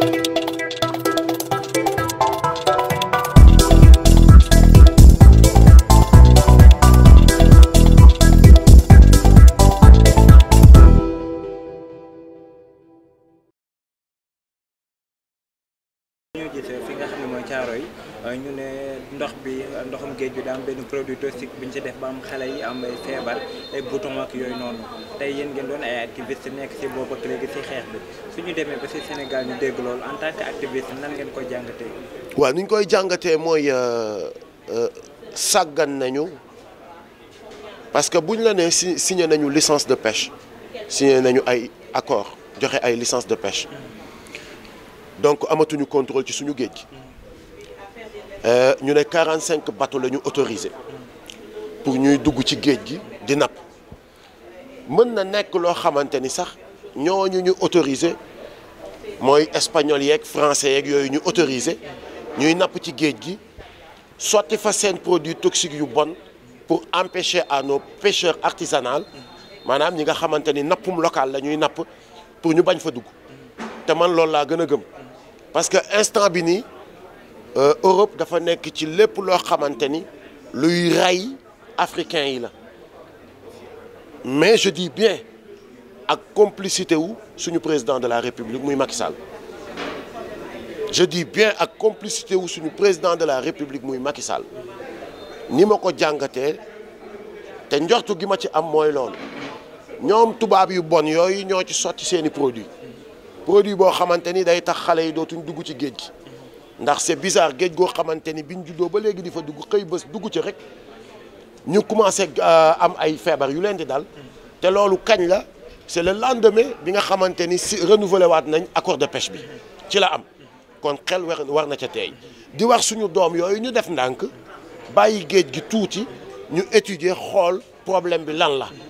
thank you ñu gis fi nga xam ne mooy caaro yi euh, ñu ne ndox bi ndoxum géej bi daa am benn produit toxique bi ñu ci def ba am xale yi am feebar ay bouton ak yooyu noonu tey yéen ngeen doon ay activiste nekk si boobu ak léegi si xeex bi su ñu demee ba si Sénégal ñu dégg loolu en tant que nan ngeen koy jàngatee. waaw ni ñu koy jàngatee mooy euh, euh, sàggan nañu parce que buñ la nee signé nañu licence de pêche signé nañu ay accord joxe ay licence de pêche. donc amatuñu contrôle ci suñu géej gi euh, ñu ne 45 bateaux la ñu autorisé pour ñuy dugg ci géej gi di napp mën na nekk loo xamante ni sax ñooñu ñu autorisé mooy espagnol yeeg français yeeg yooyu ñu autorisé ñuy napp ci géej gi sotti fa seen produit toxiques yu bon pour empêcher à nos pêcheurs artisanaux maanaam ñi nga xamante ni nappum local la ñuy napp pour ñu bañ fa dugg te man loolu laa gën a gëm. parce que instant bi nii euh, Europe dafa nekk ci lépp loo xamante ni luy rey africain yi la mais je di bien ak complicité wu suñu président de la république muy Macky Sall je dis bien ak complicité wu suñu président de la république muy Macky ni ma ko jàngatee te njortu gi ma ci am mooy loolu ñoom tubaab yu bon yooyu ñoo ci sotti seeni produit produit boo xamante ni day tax xale yi dootuñ dugg ci géej gi ndax c'est bizarre géej goo xamante ni biñ juddoo ba léegi di fa dugg xëy bés dugg ci rek ñu commencé euh, am ay feebar yu leen di dal te loolu kañ la c'est le lendemain bi nga xamante ni si renouvelé waat nañ accord de pêche bi ci la am kon xel war na ca teey di wax suñu doom yooyu ñu def ndànk bàyyi géej gi tuuti ñu étudier xool problème bi lan la